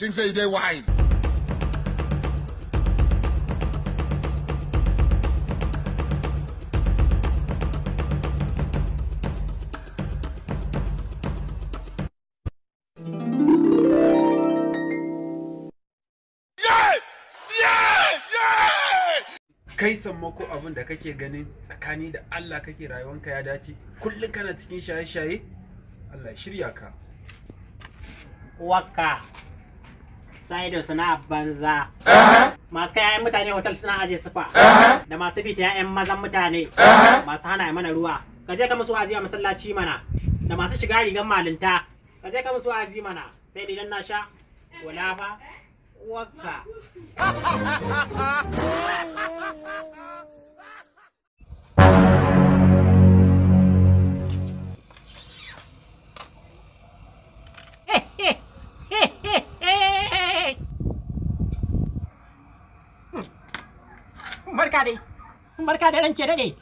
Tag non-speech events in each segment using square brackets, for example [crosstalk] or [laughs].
you think that they wise. kai sammako abin da kake ganin tsakani da Allah kake rayuwanka ya dace kullum kana cikin shaye-shaye Allah shirya ka waka saido da suna banza masu kai yayan mutane hotel suna aje sufa da masu fita yayan mazan mutane masu hana mana ruwa ka je ka musu wazi a masallaci mana da masu shiga rigar malinta ka je ka musu wazi mana sai idan na sha wala fa wakka [laughs] barka dai barka da ranke daɗe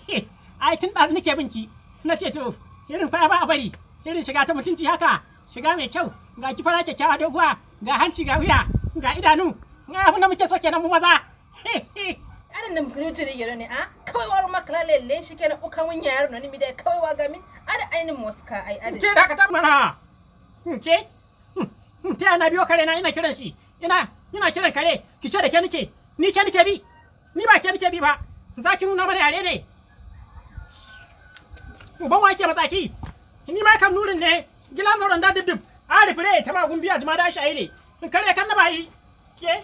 [laughs] ai tun da nake binki na ce to irin fa ba a bari irin shiga ta mutunci haka shiga mai kyau ga ki fara kyakkyawa doguwa ga hanci ga wuya ga idanu ga abin da muke so kenan mu maza arin [laughs] da mukuru tiri yero ne a kawai waru makala lelle shi kenan uka mun yaro ne ah? mi da kawai wa gami ada ainin moska ai ada ke da ka ta mana ke ta na biyo kare na ina kiran shi ina ina kiran kare ki ce da ke nike ni ke nike bi ni ba ke bi ba zaki ki nuna mana yare ne uban wake mataki ni ma kan nurin ne gilan zauren da dibdib a rifire ta ma gumbiya jima da shi ne in kare kan na ba ke